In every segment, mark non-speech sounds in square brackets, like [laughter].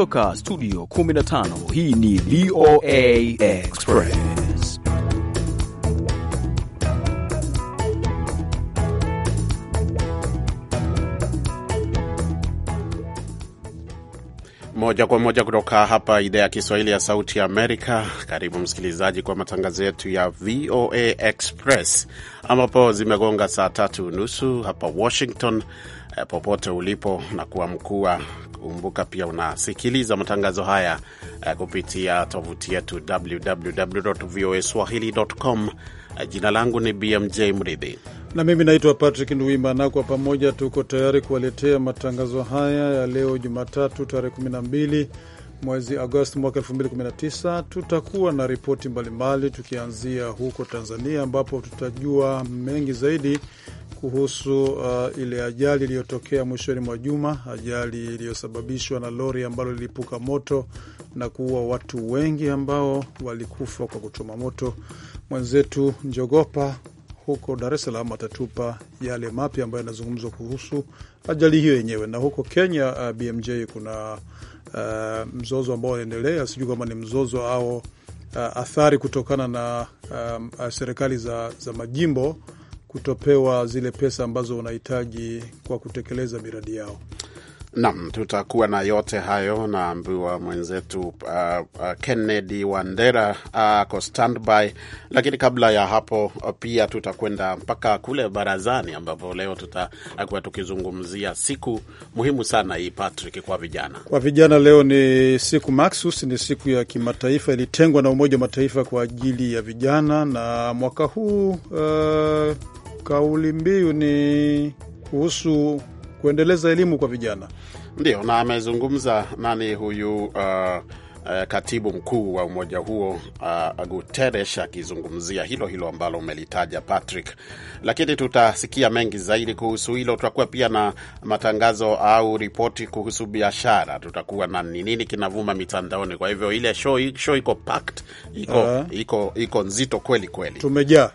Kutoka studio 15 hii ni VOA Express. Moja kwa moja kutoka hapa idhaa ya Kiswahili ya Sauti ya Amerika. Karibu msikilizaji, kwa matangazo yetu ya VOA Express ambapo zimegonga saa tatu nusu hapa Washington Eh, popote ulipo na kuamkua. Kumbuka pia unasikiliza matangazo haya eh, kupitia tovuti yetu www.voaswahili.com. Eh, jina langu ni BMJ Mridhi na mimi naitwa Patrick Nduwimana. Kwa pamoja tuko tayari kuwaletea matangazo haya ya leo Jumatatu tarehe 12 mwezi Agosti mwaka 2019. Tutakuwa na ripoti mbalimbali, tukianzia huko Tanzania ambapo tutajua mengi zaidi kuhusu uh, ile ajali iliyotokea mwishoni mwa juma, ajali iliyosababishwa na lori ambalo lilipuka moto na kuua watu wengi ambao walikufa kwa kuchoma moto. Mwenzetu Njogopa huko Dar es Salaam atatupa yale mapya ambayo yanazungumzwa kuhusu ajali hiyo yenyewe. Na huko Kenya, uh, BMJ kuna uh, mzozo ambao unaendelea, sijui kama ni mzozo au uh, athari kutokana na um, uh, serikali za, za majimbo kutopewa zile pesa ambazo wanahitaji kwa kutekeleza miradi yao. Nam, tutakuwa na yote hayo. Naambiwa mwenzetu uh, uh, Kennedy Wandera uh, ako uh, standby, lakini kabla ya hapo uh, pia tutakwenda mpaka kule barazani, ambapo leo tutakuwa tukizungumzia siku muhimu sana hii, Patrick, kwa vijana. Kwa vijana leo ni siku maksus, ni siku ya kimataifa ilitengwa na Umoja wa Mataifa kwa ajili ya vijana, na mwaka huu uh, kauli mbiu ni kuhusu kuendeleza elimu kwa vijana, ndio na amezungumza nani huyu uh uh, katibu mkuu wa umoja huo uh, Guterres akizungumzia hilo hilo ambalo umelitaja Patrick, lakini tutasikia mengi zaidi kuhusu hilo. Tutakuwa pia na matangazo au ripoti kuhusu biashara, tutakuwa na ni nini kinavuma mitandaoni. Kwa hivyo ile show, show iko packed, iko, uh eh. -huh. iko, iko nzito kweli kweli, tumejaa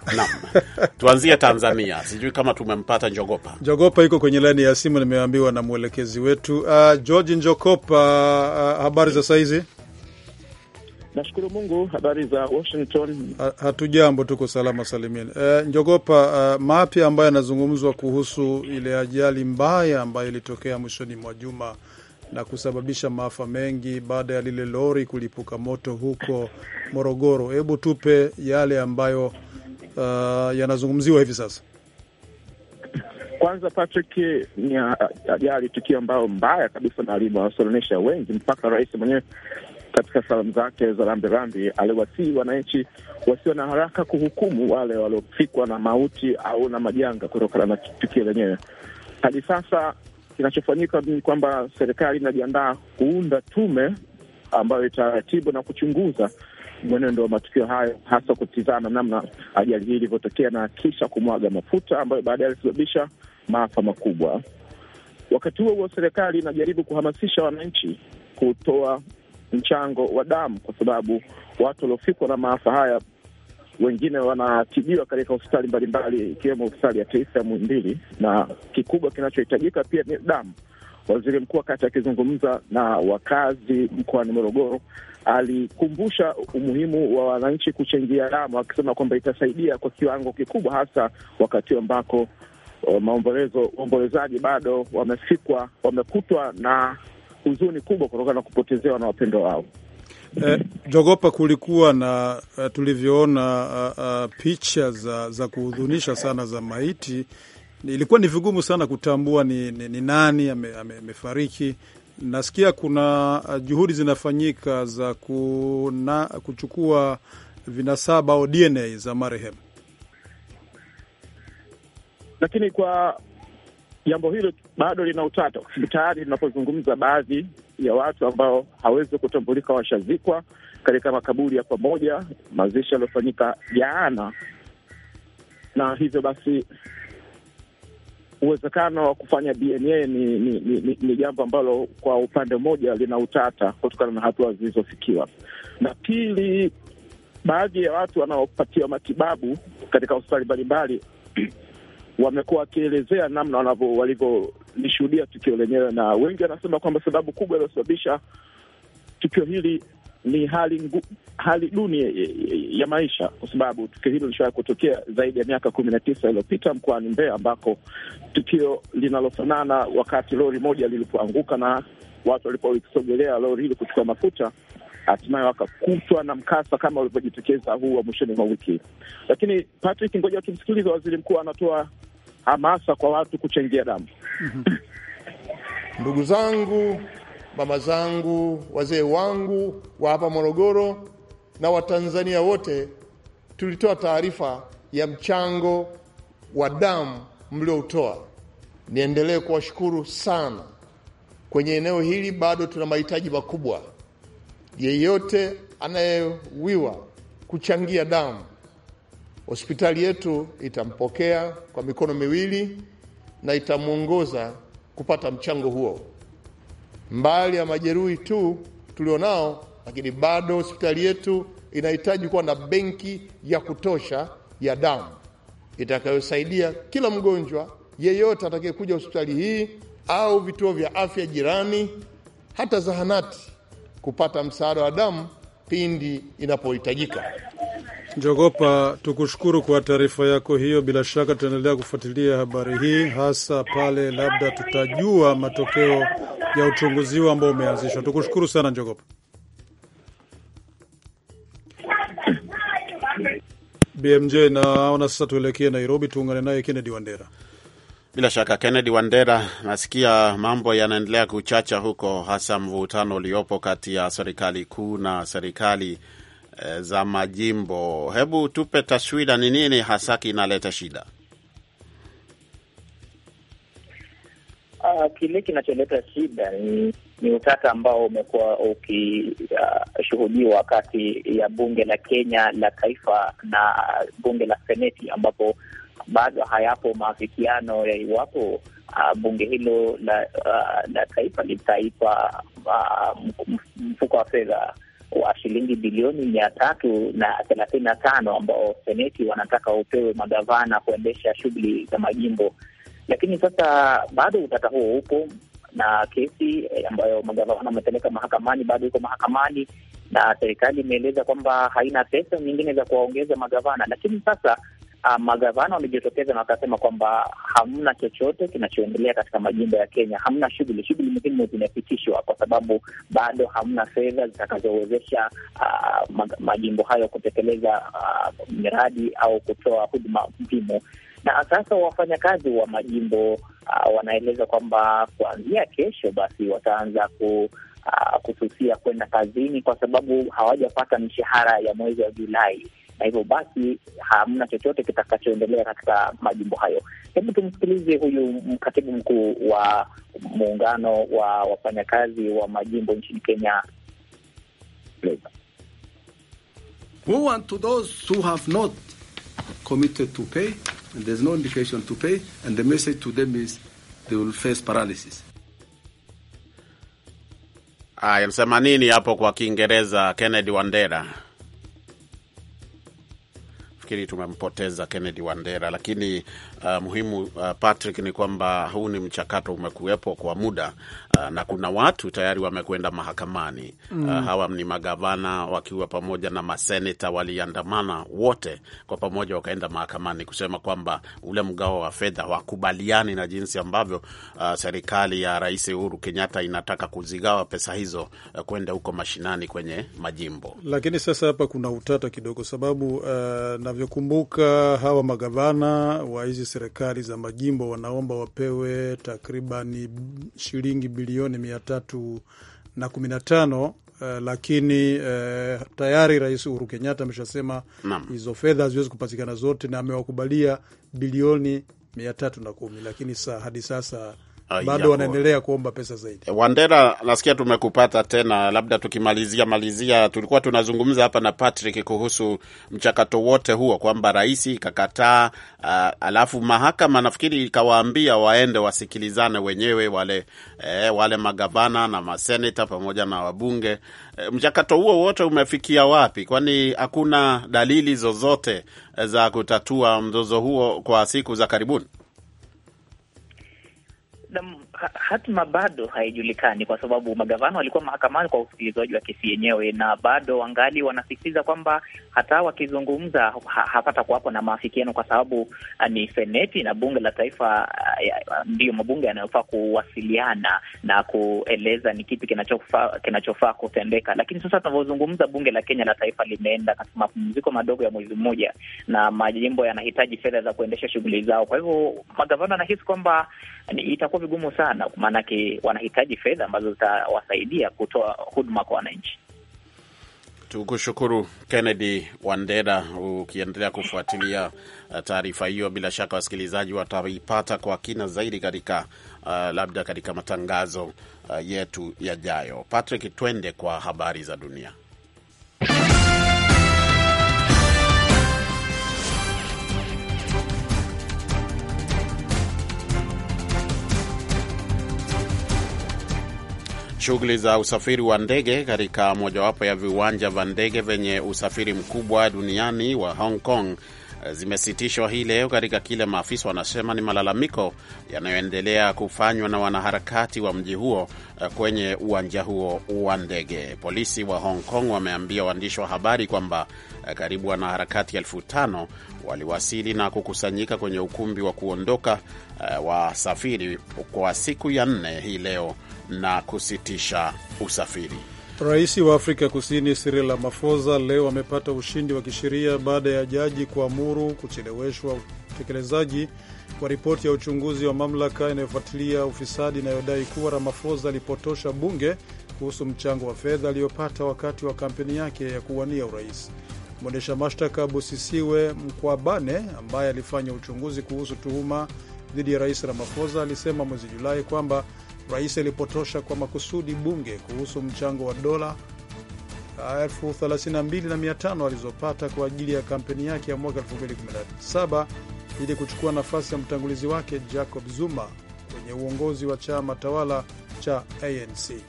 [laughs] Tuanzie Tanzania, sijui kama tumempata Njogopa. Njogopa iko kwenye laini ya simu, nimeambiwa na mwelekezi wetu uh, George Njokopa. Uh, ah, habari za saizi? Nashukuru Mungu. Habari za Washington? Hatujambo, tuko salama salimini. E, njogopa uh, eh, mapya ambayo yanazungumzwa kuhusu ile ajali mbaya ambayo ilitokea mwishoni mwa juma na kusababisha maafa mengi baada ya lile lori kulipuka moto huko Morogoro. Hebu tupe yale ambayo uh, yanazungumziwa hivi sasa. Kwanza Patrick, ni ajali, tukio ambayo mbaya kabisa na limewasononesha wengi, mpaka rais mwenyewe katika salamu zake za rambirambi aliwasihi wananchi wasiwe na haraka kuhukumu wale waliofikwa na mauti au na majanga kutokana na tukio lenyewe. Hadi sasa kinachofanyika ni kwamba serikali inajiandaa kuunda tume ambayo itaratibu na kuchunguza mwenendo wa matukio hayo, hasa kutizama namna ajali hii ilivyotokea na kisha kumwaga mafuta ambayo baadaye alisababisha maafa makubwa. Wakati huo huo, serikali inajaribu kuhamasisha wananchi kutoa mchango wa damu, kwa sababu watu waliofikwa na maafa haya wengine wanatibiwa katika hospitali mbalimbali ikiwemo hospitali ya taifa ya Muhimbili, na kikubwa kinachohitajika pia ni damu. Waziri Mkuu wakati akizungumza na wakazi mkoani Morogoro alikumbusha umuhimu wa wananchi kuchangia damu, akisema kwamba itasaidia kwa kiwango kikubwa, hasa wakati ambako eh, maombolezo waombolezaji bado wamefikwa wamekutwa na huzuni kubwa kutokana na kupotezewa na wapendwa wao. Eh, jogopa kulikuwa na uh, tulivyoona uh, uh, picha za, za kuhudhunisha sana za maiti. Ilikuwa ni vigumu sana kutambua ni, ni, ni nani amefariki ame, nasikia kuna juhudi zinafanyika za kuna, kuchukua vinasaba au DNA za marehemu, lakini kwa jambo hilo bado lina utata, kwa sababu tayari tunapozungumza baadhi ya watu ambao hawezi kutambulika washazikwa katika makaburi ya pamoja, mazishi yaliyofanyika jana, na hivyo basi uwezekano wa kufanya DNA ni ni, ni, ni jambo ambalo kwa upande mmoja lina utata kutokana na hatua zilizofikiwa, na pili, baadhi ya watu wanaopatiwa matibabu katika hospitali mbalimbali wamekuwa wakielezea namna wanavyo walivyolishuhudia tukio lenyewe, na wengi wanasema kwamba sababu kubwa iliyosababisha tukio hili ni hali ngu, hali duni ya maisha, kwa sababu tukio hilo lishawahi kutokea zaidi ya miaka kumi na tisa iliyopita mkoani Mbeya, ambako tukio linalofanana wakati lori moja lilipoanguka na watu waliposogelea lori hili kuchukua mafuta hatimaye wakakutwa na mkasa kama ulivyojitokeza huu wa mwishoni mwa wiki. Lakini Patrick, ngoja wakimsikiliza waziri mkuu anatoa hamasa kwa watu kuchangia damu. [laughs] Ndugu zangu, mama zangu, wazee wangu wa hapa Morogoro na Watanzania wote, tulitoa taarifa ya mchango wa damu mlioutoa. Niendelee kuwashukuru sana. Kwenye eneo hili bado tuna mahitaji makubwa yeyote anayewiwa kuchangia damu, hospitali yetu itampokea kwa mikono miwili na itamwongoza kupata mchango huo. Mbali ya majeruhi tu tulionao, lakini bado hospitali yetu inahitaji kuwa na benki ya kutosha ya damu itakayosaidia kila mgonjwa yeyote atakayekuja hospitali hii au vituo vya afya jirani, hata zahanati kupata msaada wa damu pindi inapohitajika. Njogopa, tukushukuru kwa taarifa yako hiyo. Bila shaka tutaendelea kufuatilia habari hii, hasa pale labda tutajua matokeo ya uchunguzi huo ambao umeanzishwa. Tukushukuru sana Njogopa. BMJ, naona sasa tuelekee Nairobi, tuungane naye Kennedy Wandera. Bila shaka Kennedy Wandera, nasikia mambo yanaendelea kuchacha huko, hasa mvutano uliopo kati ya serikali kuu na serikali e, za majimbo. Hebu tupe taswira, ni nini hasa kinaleta shida? Uh, kile kinacholeta shida ni, ni utata ambao umekuwa ukishuhudiwa ah, uh, kati ya bunge la Kenya la taifa na bunge la seneti ambapo bado hayapo maafikiano ya iwapo uh, bunge hilo la, uh, la taifa litaipa uh, mfuko wa fedha wa shilingi bilioni mia tatu na thelathini na tano ambao seneti wanataka upewe magavana kuendesha shughuli za majimbo. Lakini sasa bado utata huo upo na kesi eh, ambayo magavana wamepeleka mahakamani bado iko mahakamani, na serikali imeeleza kwamba haina pesa nyingine za kuwaongeza magavana. Lakini sasa uh, ah, magavana wamejitokeza na wakasema kwamba hamna chochote kinachoendelea katika majimbo ya Kenya, hamna shughuli, shughuli muhimu zimepitishwa kwa sababu bado hamna fedha zitakazowezesha uh, majimbo hayo kutekeleza uh, miradi au kutoa huduma muhimu. Na sasa wafanyakazi wa majimbo uh, wanaeleza kwamba kuanzia kesho basi wataanza ku Uh, kususia kwenda kazini kwa sababu hawajapata mishahara ya mwezi wa Julai na hivyo basi hamna chochote kitakachoendelea katika majimbo hayo. Hebu tumsikilize huyu mkatibu mkuu wa muungano wa wafanyakazi wa majimbo nchini Kenya. We want to those who have not committed to pay and there's no indication to pay and the message to them is they will face paralysis. nini hapo kwa Kiingereza, Kennedy Wandera? nafikiri tumempoteza Kennedy Wandera, lakini uh, muhimu uh, Patrick, ni kwamba huu ni mchakato umekuwepo kwa muda uh, na kuna watu tayari wamekwenda mahakamani mm. Uh, hawa ni magavana wakiwa pamoja na maseneta waliandamana wote kwa pamoja wakaenda mahakamani kusema kwamba ule mgao wa fedha wakubaliani na jinsi ambavyo uh, serikali ya Rais Uhuru Kenyatta inataka kuzigawa pesa hizo uh, kwenda huko mashinani kwenye majimbo. Lakini sasa hapa kuna utata kidogo, sababu uh, navyokumbuka hawa magavana wa hizi serikali za majimbo wanaomba wapewe takribani shilingi bilioni mia tatu na kumi na tano. Uh, lakini uh, tayari Rais Uhuru Kenyatta ameshasema hizo fedha haziwezi kupatikana zote, na amewakubalia bilioni mia tatu na kumi, lakini sa, hadi sasa Ah, bado wanaendelea kuomba pesa zaidi. Eh, Wandera, nasikia tumekupata tena, labda tukimalizia malizia, tulikuwa tunazungumza hapa na Patrick kuhusu mchakato wote huo kwamba rais ikakataa, ah, alafu mahakama nafikiri ikawaambia waende wasikilizane wenyewe wale, eh, wale magavana na maseneta pamoja na wabunge eh, mchakato huo wote umefikia wapi? Kwani hakuna dalili zozote eh, za kutatua mzozo huo kwa siku za karibuni. the hatima bado haijulikani, kwa sababu magavana walikuwa mahakamani kwa usikilizaji wa kesi yenyewe, na bado wangali wanasisitiza kwamba hata wakizungumza hapata kuwapo na maafikiano, kwa sababu uh, ni seneti na bunge la taifa uh, uh, ndiyo mabunge yanayofaa kuwasiliana na kueleza ni kipi kinachofaa kinachofaa kutendeka. Lakini sasa tunavyozungumza, bunge la Kenya la taifa limeenda katika mapumziko madogo ya mwezi mmoja, na majimbo yanahitaji fedha za kuendesha shughuli zao. Kwa hivyo magavana anahisi kwamba itakuwa vigumu sana sana, maanake wanahitaji fedha ambazo zitawasaidia kutoa huduma kwa wananchi. Tukushukuru Kennedy Wandera, ukiendelea kufuatilia uh, taarifa hiyo, bila shaka wasikilizaji wataipata kwa kina zaidi katika uh, labda katika matangazo uh, yetu yajayo. Patrick, twende kwa habari za dunia. Shughuli za usafiri wa ndege katika mojawapo ya viwanja vya ndege vyenye usafiri mkubwa duniani wa Hong Kong zimesitishwa hii leo katika kile maafisa wanasema ni malalamiko yanayoendelea kufanywa na wanaharakati wa mji huo eh, kwenye uwanja huo wa ndege. Polisi wa Hong Kong wameambia waandishi wa habari kwamba eh, karibu wanaharakati elfu tano waliwasili na kukusanyika kwenye ukumbi wa kuondoka eh, wasafiri kwa siku ya nne hii leo na kusitisha usafiri. Rais wa Afrika Kusini Cyril Ramaphosa leo amepata ushindi wa kisheria baada ya jaji kuamuru kucheleweshwa utekelezaji kwa ripoti ya uchunguzi wa mamlaka inayofuatilia ufisadi inayodai kuwa Ramaphosa alipotosha bunge kuhusu mchango wa fedha aliyopata wakati wa kampeni yake ya kuwania urais. Mwendesha mashtaka busisiwe Mkwabane ambaye alifanya uchunguzi kuhusu tuhuma dhidi ya rais Ramaphosa alisema mwezi Julai kwamba Rais alipotosha kwa makusudi bunge kuhusu mchango wa dola 32,500 alizopata kwa ajili ya kampeni yake ya mwaka 2017 ili kuchukua nafasi ya mtangulizi wake Jacob Zuma kwenye uongozi wa chama tawala cha ANC.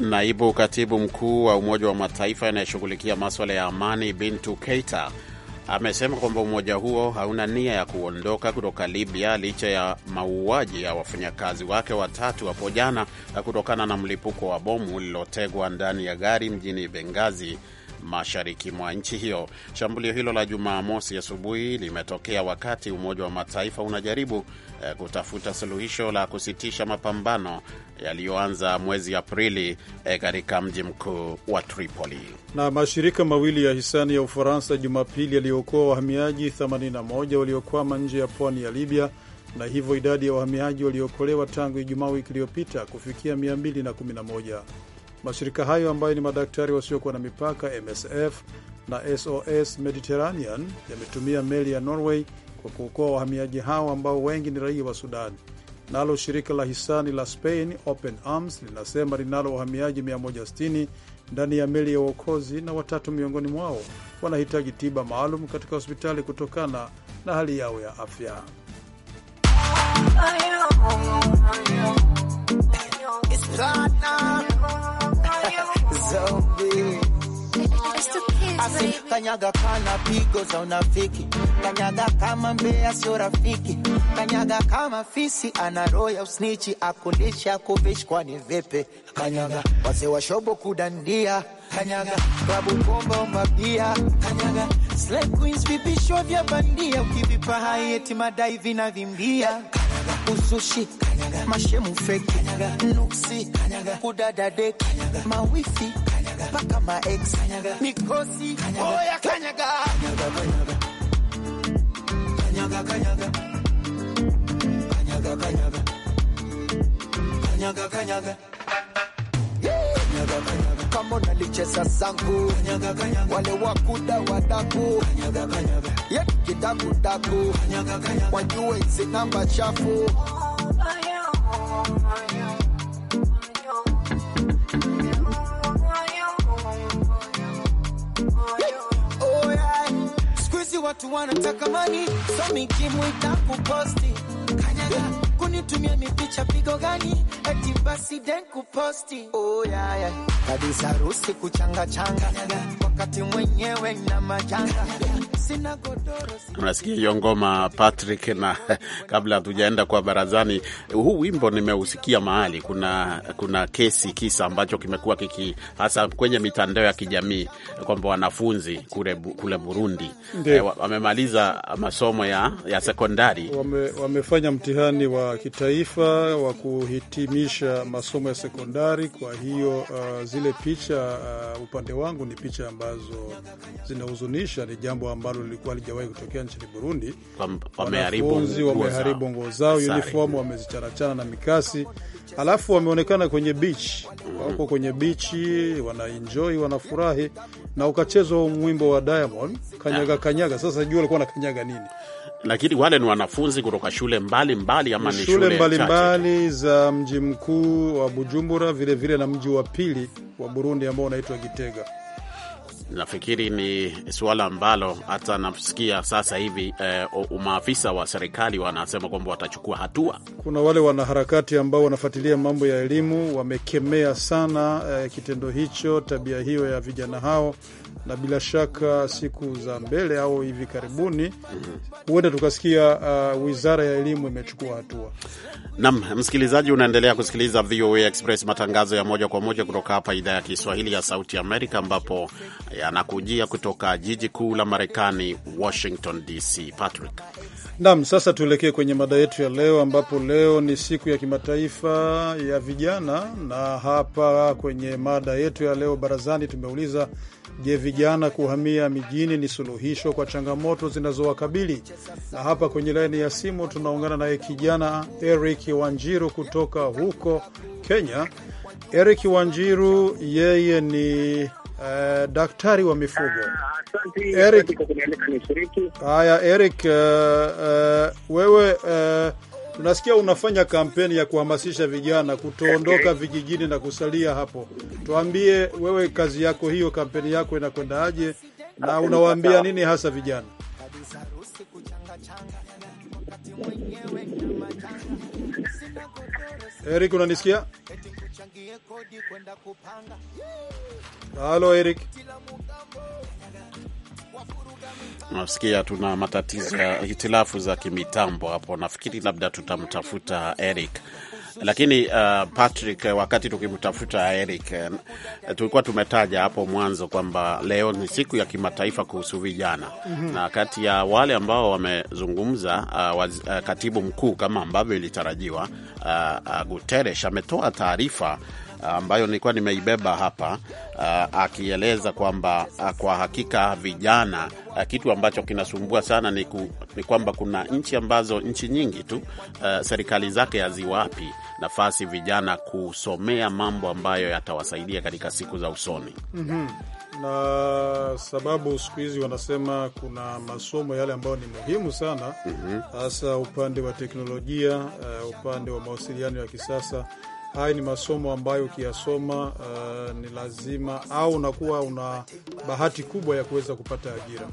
Naibu katibu mkuu wa Umoja wa Mataifa anayeshughulikia maswala ya amani Bintu Keita amesema kwamba umoja huo hauna nia ya kuondoka kutoka Libya licha ya mauaji ya wafanyakazi wake watatu hapo jana kutokana na mlipuko wa bomu lililotegwa ndani ya gari mjini bengazi mashariki mwa nchi hiyo. Shambulio hilo la Jumamosi asubuhi limetokea wakati Umoja wa Mataifa unajaribu eh, kutafuta suluhisho la kusitisha mapambano yaliyoanza mwezi Aprili eh, katika mji mkuu wa Tripoli. Na mashirika mawili ya hisani ya Ufaransa Jumapili yaliyookoa wahamiaji 81 waliokwama nje ya pwani ya Libya na hivyo idadi ya wahamiaji waliookolewa tangu Ijumaa wiki iliyopita kufikia 211. Mashirika hayo ambayo ni madaktari wasiokuwa na mipaka MSF na SOS Mediterranean yametumia meli ya Norway kwa kuokoa wahamiaji hao ambao wengi ni raia wa Sudan. Nalo shirika la hisani la Spain Open Arms linasema linalo wahamiaji 160 ndani ya meli ya uokozi na watatu miongoni mwao wanahitaji tiba maalum katika hospitali kutokana na hali yao ya afya. Kanyaga kana pigo za unafiki, kanyaga kama mbea sio rafiki, kanyaga kama fisi ana roho ya usnichi, akulisha kuvishi kwani vipi? Kanyaga wazee wa shobo kudandia, kanyaga babu bomba umabia, kanyaga slay queens vipisho vya bandia, ukivipa hai madai vinavimbia uzushi, mashemu feki, nuksi, kudada deki, mawifi ex, maex, mikosi oya kanyaga, kanyaga, kanyaga, kanyaga, kanyaga, kanyaga, kanyaga. kucheza zangu wale wakuda wadaku ye kidakudaku wajue hizi namba chafu Watu wanataka mani kunitumia mipicha pigo gani eti basi den kuposti oh, yeah, yeah kabisa, rusi kuchanga changa wakati mwenyewe na majanga Unasikia hiyo ngoma Patrick, na [laughs] kabla hatujaenda kwa barazani, huu wimbo nimeusikia mahali kuna, kuna kesi kisa ambacho kimekuwa kiki hasa kwenye mitandao ya kijamii kwamba wanafunzi kule, kule Burundi e, wamemaliza masomo ya, ya sekondari wame, wamefanya mtihani wa kitaifa wa kuhitimisha masomo ya sekondari. Kwa hiyo uh, zile picha uh, upande wangu ni picha ambazo zinahuzunisha, ni jambo ambalo ambalo lilikuwa lijawahi kutokea nchini Burundi. Wanafunzi wameharibu nguo zao, uniform wamezicharachana na mikasi, alafu wameonekana kwenye beach, mm. wako kwenye bichi, wanaenjoi wanafurahi na ukachezwa mwimbo wa Diamond kanyaga ah. kanyaga. Sasa sijui walikuwa na kanyaga nini? Lakini wale ni wanafunzi kutoka shule mbalimbali ama ni shule mbalimbali za mji mkuu wa Bujumbura, vilevile vile na mji wa pili wa Burundi ambao unaitwa Gitega nafikiri ni suala ambalo hata nafsikia sasa hivi eh, maafisa wa serikali wanasema kwamba watachukua hatua. Kuna wale wanaharakati ambao wanafuatilia mambo ya elimu wamekemea sana eh, kitendo hicho, tabia hiyo ya vijana hao, na bila shaka siku za mbele au hivi karibuni mhm. huenda mm -hmm. tukasikia uh, wizara ya elimu imechukua hatua. Nam msikilizaji, unaendelea kusikiliza VOA Express, matangazo ya moja kwa moja kutoka hapa idhaa ya Kiswahili ya Sauti Amerika, ambapo yanakujia kutoka jiji kuu la Marekani, Washington DC. Patrick nam, sasa tuelekee kwenye mada yetu ya leo, ambapo leo ni siku ya kimataifa ya vijana, na hapa kwenye mada yetu ya leo barazani tumeuliza Je, vijana kuhamia mijini ni suluhisho kwa changamoto zinazowakabili? Na hapa kwenye laini ya simu tunaungana naye kijana Eric Wanjiru kutoka huko Kenya. Eric Wanjiru yeye ni Uh, daktari wa mifugo uh, Eric. Haya Eric, uh, uh, wewe uh, tunasikia unafanya kampeni ya kuhamasisha vijana kutoondoka okay, vijijini na kusalia hapo. Tuambie wewe kazi yako hiyo, kampeni yako inakwendaje na unawaambia nini hasa vijana? Eric, unanisikia? nitumie kodi kwenda kupanga. Halo Eric. Nasikia tuna matatizo ya hitilafu za kimitambo hapo. Nafikiri labda tutamtafuta Eric lakini uh, Patrick, uh, wakati tukimtafuta Eric uh, tulikuwa tumetaja hapo mwanzo kwamba leo ni siku ya kimataifa kuhusu vijana mm -hmm. na kati ya wale ambao wamezungumza uh, waz, uh, katibu mkuu kama ambavyo ilitarajiwa uh, uh, Guterres ametoa taarifa ambayo nilikuwa nimeibeba hapa uh, akieleza kwamba uh, kwa hakika vijana uh, kitu ambacho kinasumbua sana ni, ku, ni kwamba kuna nchi ambazo nchi nyingi tu uh, serikali zake haziwapi nafasi vijana kusomea mambo ambayo yatawasaidia katika siku za usoni. mm -hmm na sababu siku hizi wanasema kuna masomo yale ambayo ni muhimu sana mm-hmm. hasa -hmm. upande wa teknolojia uh, upande wa mawasiliano ya kisasa Haya ni masomo ambayo ukiyasoma, uh, ni lazima au unakuwa una bahati kubwa ya kuweza kupata ajira.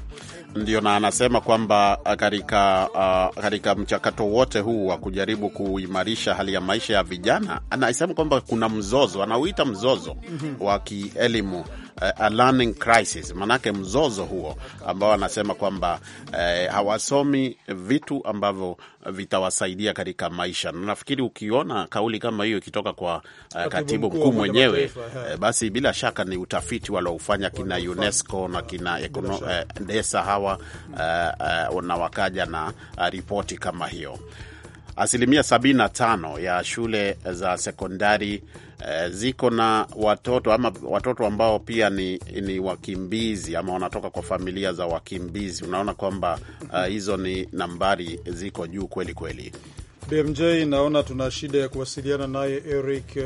Ndio, na anasema kwamba uh, katika uh, katika mchakato wote huu wa kujaribu kuimarisha hali ya maisha ya vijana, anasema kwamba kuna mzozo, anauita mzozo mhm. wa kielimu Eh, a learning crisis, manake mzozo huo ambao anasema kwamba eh, hawasomi vitu ambavyo vitawasaidia katika maisha. Na nafikiri ukiona kauli kama hiyo ikitoka kwa uh, katibu mkuu mwenyewe eh, basi bila shaka ni utafiti waliofanya kina UNESCO na kina DESA eh, hawa uh, uh, na wakaja na ripoti kama hiyo. Asilimia 75 ya shule za sekondari Eh, ziko na watoto ama watoto ambao pia ni, ni wakimbizi ama wanatoka kwa familia za wakimbizi. Unaona kwamba uh, hizo ni nambari ziko juu kweli kweli. BMJ, naona tuna shida ya kuwasiliana naye Eric uh,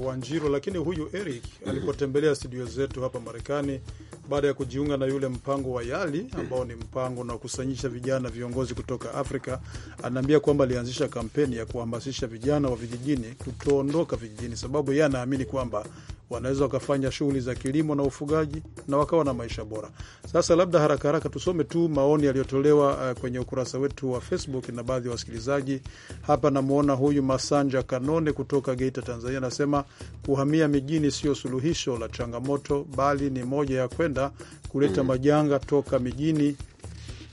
uh, Wanjiru, lakini huyu Eric mm-hmm. alipotembelea studio zetu hapa Marekani baada ya kujiunga na yule mpango wa YALI mm-hmm. ambao ni mpango unaokusanyisha vijana viongozi kutoka Afrika, anaambia kwamba alianzisha kampeni ya kuhamasisha vijana wa vijijini kutoondoka vijijini, sababu yeye anaamini kwamba wanaweza wakafanya shughuli za kilimo na ufugaji na wakawa na maisha bora. Sasa labda haraka haraka tusome tu maoni yaliyotolewa uh, kwenye ukurasa wetu wa Facebook na baadhi ya wa wasikilizaji. Hapa namwona huyu Masanja Kanone kutoka Geita, Tanzania, anasema kuhamia mijini sio suluhisho la changamoto, bali ni moja ya kwenda kuleta majanga toka mijini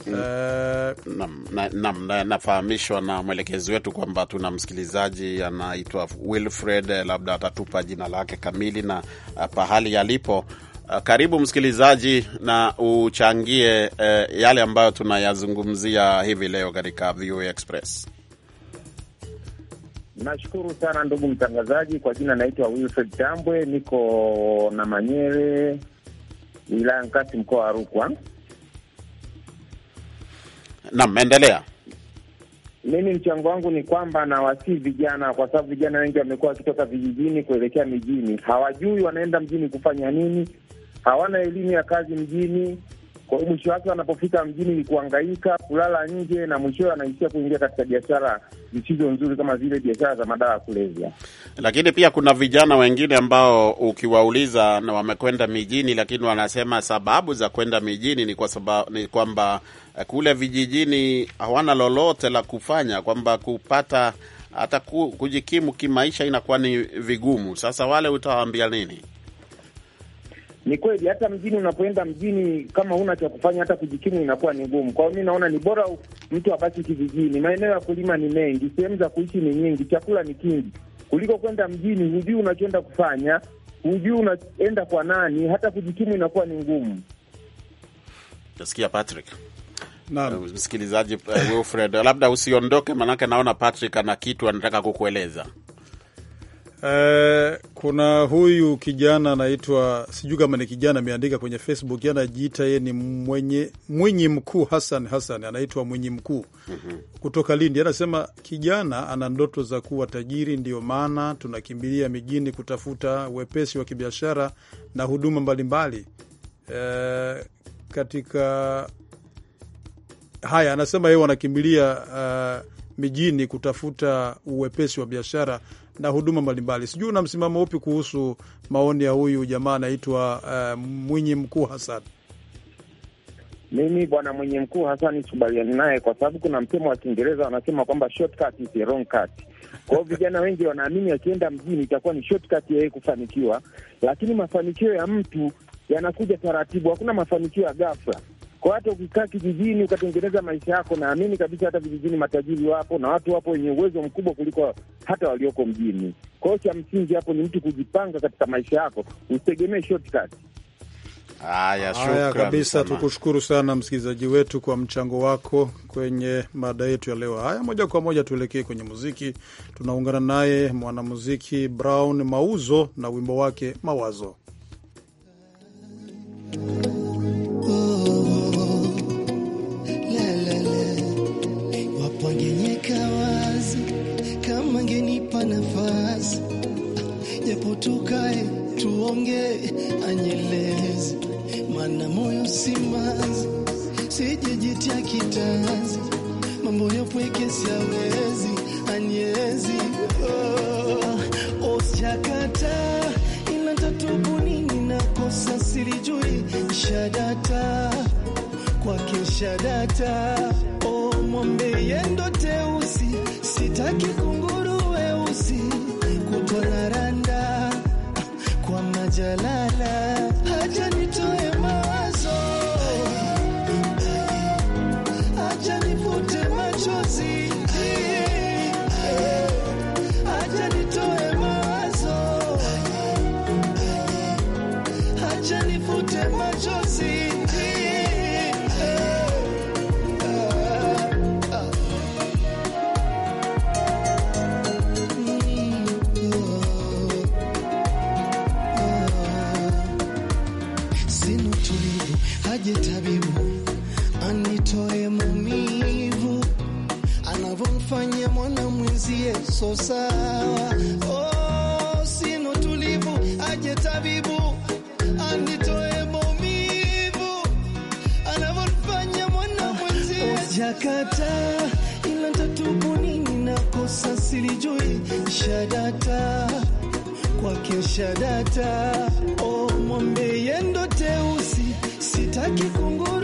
Mm. Eh, nam nafahamishwa na mwelekezi wetu kwamba tuna msikilizaji anaitwa Wilfred, eh, labda atatupa jina lake kamili na eh, pahali yalipo. Karibu msikilizaji, na uchangie eh, yale ambayo tunayazungumzia hivi leo katika VOA Express. Nashukuru sana ndugu mtangazaji. Kwa jina naitwa Wilfred Tambwe, niko na Manyere, wilaya Nkasi, mkoa wa Rukwa. Naam, endelea. Mimi mchango wangu ni kwamba nawasii vijana, kwa sababu vijana wengi wamekuwa wakitoka vijijini kuelekea mijini, hawajui wanaenda mjini kufanya nini, hawana elimu ya kazi mjini kwa hiyo mwisho wake wanapofika mjini ni kuangaika, kulala nje, na mwishowe anaishia kuingia katika biashara zisizo nzuri kama zile biashara za madawa ya kulevya. Lakini pia kuna vijana wengine ambao ukiwauliza na wamekwenda mijini, lakini wanasema sababu za kwenda mijini ni kwa sababu ni kwamba eh, kule vijijini hawana lolote la kufanya, kwamba kupata hata kujikimu kimaisha inakuwa ni vigumu. Sasa wale utawaambia nini? Ni kweli hata mjini, unapoenda mjini kama huna cha kufanya, hata kujikimu inakuwa ni ngumu. Kwa hiyo mi naona ni bora mtu abaki kijijini. Maeneo ya kulima ni mengi, sehemu za kuishi ni nyingi, chakula ni kingi, kuliko kwenda mjini. Hujui unachoenda kufanya, hujui unaenda kwa nani, hata kujikimu inakuwa ni ngumu. Nasikia Patrick. Naam, uh, msikilizaji uh, Wilfred, labda usiondoke, manake naona Patrick ana kitu anataka kukueleza. Eh, kuna huyu kijana anaitwa sijui kama ni kijana, ameandika kwenye Facebook, anajiita yeye ni mwenye Mwinyi Mkuu Hassan Hassan, anaitwa Mwinyi Mkuu mm -hmm. kutoka Lindi. Anasema kijana ana ndoto za kuwa tajiri, ndiyo maana tunakimbilia mijini kutafuta wepesi wa kibiashara na huduma mbalimbali eh, katika haya anasema yeye wanakimbilia uh, mijini kutafuta uwepesi wa biashara na huduma mbalimbali. Sijui una msimamo upi kuhusu maoni ya huyu jamaa anaitwa uh, Mwinyi Mkuu Hasan? Mimi bwana Mwinyi Mkuu Hasan nikubaliani naye kwa sababu kuna msemo wa Kiingereza wanasema kwamba shortcut is a wrong cut. Kwa hiyo vijana wengi wanaamini akienda mjini itakuwa ni shortcut ya yeye kufanikiwa, lakini mafanikio ya mtu yanakuja taratibu, hakuna mafanikio ya ghafla. Kwa hata ukikaa kijijini ukatengeneza maisha yako, naamini kabisa hata vijijini matajiri wapo na watu wapo wenye uwezo mkubwa kuliko hata walioko mjini. Kwa hiyo cha msingi hapo ni mtu kujipanga katika maisha yako, usitegemee shortcut. Haya, haya kabisa. Tukushukuru sana msikilizaji wetu kwa mchango wako kwenye mada yetu ya leo. Haya, moja kwa moja tuelekee kwenye muziki. Tunaungana naye mwanamuziki Brown Mauzo na wimbo wake Mawazo. Hebu tukae tuongee, anyelezi mana moyo simazi, sijejitia kitazi, mambo yo pweke siawezi, anyezi oh, osjakata ila tatubunini nakosa silijui shadata kwake shadata oh, mwambe yendo teusi sitaki kunguru weusi kutwalara जला so sawa. Oh, sina tulivu, aje tabibu anitoe maumivu anavyofanya mwana mwenzie. Ujakata ila tatubu nini na silijui shadata kwake shadata. Oh, mwambie yendo teusi sitaki kungu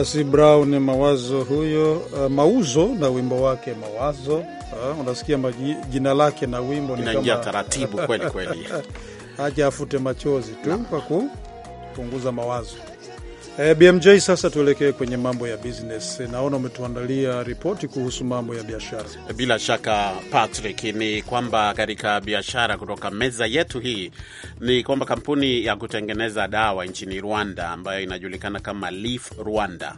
Asi Brown mawazo huyo, uh, mauzo na wimbo wake mawazo. Uh, unasikia jina lake na wimbo ni kama taratibu kweli kweli, acha [laughs] afute machozi tu kwa kupunguza mawazo. E, eh, BMJ sasa tuelekee kwenye mambo ya business. Naona umetuandalia ripoti kuhusu mambo ya biashara. Bila shaka Patrick, ni kwamba katika biashara kutoka meza yetu hii ni kwamba kampuni ya kutengeneza dawa nchini Rwanda ambayo inajulikana kama Leaf Rwanda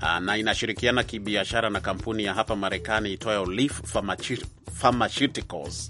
ah, na inashirikiana kibiashara na kampuni ya hapa Marekani itwayo Leaf Pharmaceuticals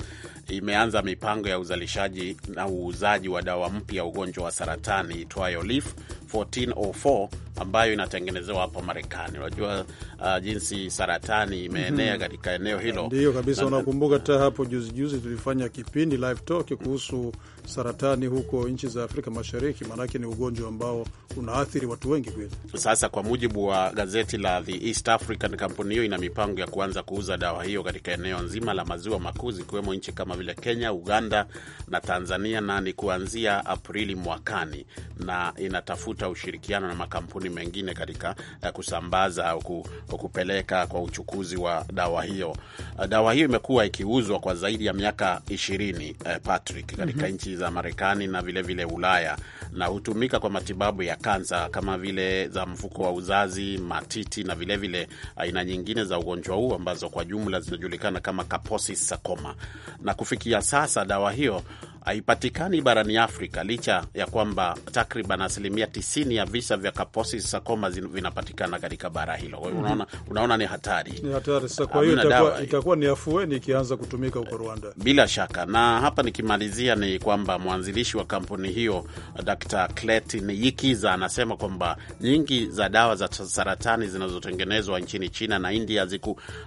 imeanza mipango ya uzalishaji na uuzaji wa dawa mpya ugonjwa wa saratani itwayo Leaf 1404 ambayo inatengenezewa hapa Marekani. Unajua uh, jinsi saratani imeenea mhm. katika eneo hilo. Ndio kabisa, unakumbuka hata hapo juzi juzi tulifanya kipindi live talk kuhusu saratani huko nchi za Afrika Mashariki, maanake ni ugonjwa ambao unaathiri watu wengi kweli. Sasa kwa mujibu wa gazeti la The East African, kampuni hiyo ina mipango ya kuanza kuuza dawa hiyo katika eneo nzima la maziwa makuu zikiwemo nchi kama vile Kenya, Uganda na Tanzania, na ni kuanzia Aprili mwakani na inatafuta kutafuta ushirikiano na makampuni mengine katika eh, kusambaza au kupeleka kwa uchukuzi wa dawa hiyo. Eh, dawa hiyo imekuwa ikiuzwa kwa zaidi ya miaka ishirini, eh, Patrick, katika mm -hmm. nchi za Marekani na vilevile vile Ulaya, na hutumika kwa matibabu ya kansa kama vile za mfuko wa uzazi, matiti na vilevile aina nyingine za ugonjwa huu ambazo kwa jumla zinajulikana kama Kaposi sakoma. Na kufikia sasa dawa hiyo haipatikani barani Afrika licha ya kwamba takriban asilimia 90 ya visa vya Kaposi sakoma vinapatikana katika bara hilo. mm -hmm. unaona, unaona ni hatari, ni hatari. Sasa kwa hiyo itakuwa, itakuwa ni afueni ikianza kutumika huko Rwanda bila shaka. Na hapa nikimalizia ni kwamba mwanzilishi wa kampuni hiyo Dr. Clayton Yikiza anasema kwamba nyingi za dawa za saratani zinazotengenezwa nchini China na India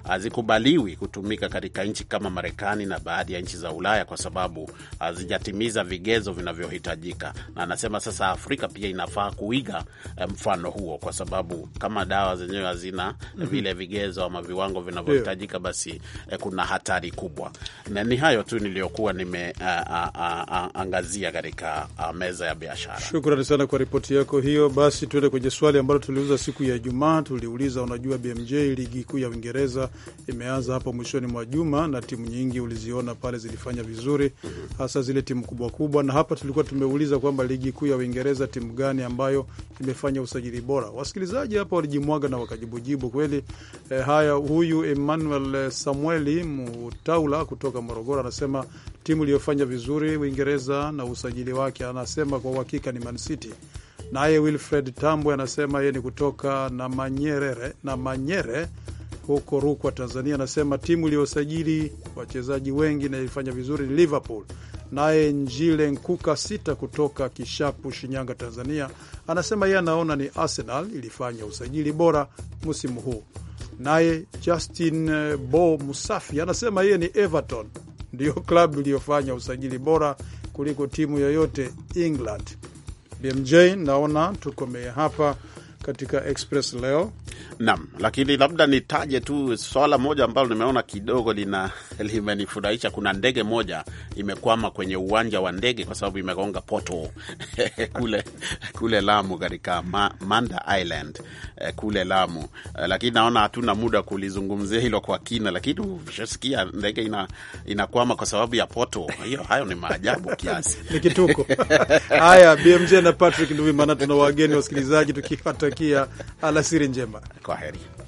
hazikubaliwi kutumika katika nchi kama Marekani na baadhi ya nchi za Ulaya kwa sababu hazijatimiza vigezo vinavyohitajika, na anasema sasa Afrika pia inafaa kuiga eh, mfano huo, kwa sababu kama dawa zenyewe hazina mm -hmm. vile mhm. vigezo ama viwango vinavyohitajika, basi eh, kuna hatari kubwa. Na ni hayo tu niliyokuwa nimeangazia eh, katika meza ya biashara. Shukrani sana kwa ripoti yako hiyo. Basi tuende kwenye swali ambalo tuliuza siku ya Ijumaa. Tuliuliza, unajua BMJ ligi kuu ya Uingereza imeanza hapo mwishoni mwa juma na timu nyingi uliziona pale zilifanya vizuri mhm. hasa zili zile timu kubwa kubwa, na hapa tulikuwa tumeuliza kwamba ligi kuu ya Uingereza timu gani ambayo imefanya usajili bora. Wasikilizaji hapa walijimwaga na wakajibujibu kweli. E, haya, huyu Emmanuel eh, Samueli Mutaula kutoka Morogoro anasema timu iliyofanya vizuri Uingereza na usajili wake, anasema kwa uhakika ni Man City. Naye Wilfred Tambwe anasema yeye ni kutoka na Manyerere, na Manyere huko Rukwa, Tanzania, anasema timu iliyosajili wachezaji wengi na ilifanya vizuri ni Liverpool. Naye Njile Nkuka Sita kutoka Kishapu, Shinyanga, Tanzania, anasema yeye anaona ni Arsenal ilifanya usajili bora msimu huu. Naye Justin eh, Bo Musafi anasema yeye ni Everton ndiyo klabu iliyofanya usajili bora kuliko timu yoyote England. BMJ, naona tukomee hapa katika Express leo. Naam, lakini labda nitaje tu swala moja ambalo nimeona kidogo lina [laughs] limenifurahisha. Kuna ndege moja imekwama kwenye uwanja wa ndege kwa sababu imegonga poto [laughs] kule kule Lamu, katika Ma, Manda Island eh, kule Lamu, eh, lakini naona hatuna muda kulizungumzia hilo kwa kina, lakini ushasikia ndege ina, inakwama kwa sababu ya poto hiyo. Hayo ni maajabu [laughs] kiasi ni kituko. Haya, BMJ na Patrick Nduvimana, tuna wageni wasikilizaji, tukiwatakia alasiri njema. correria.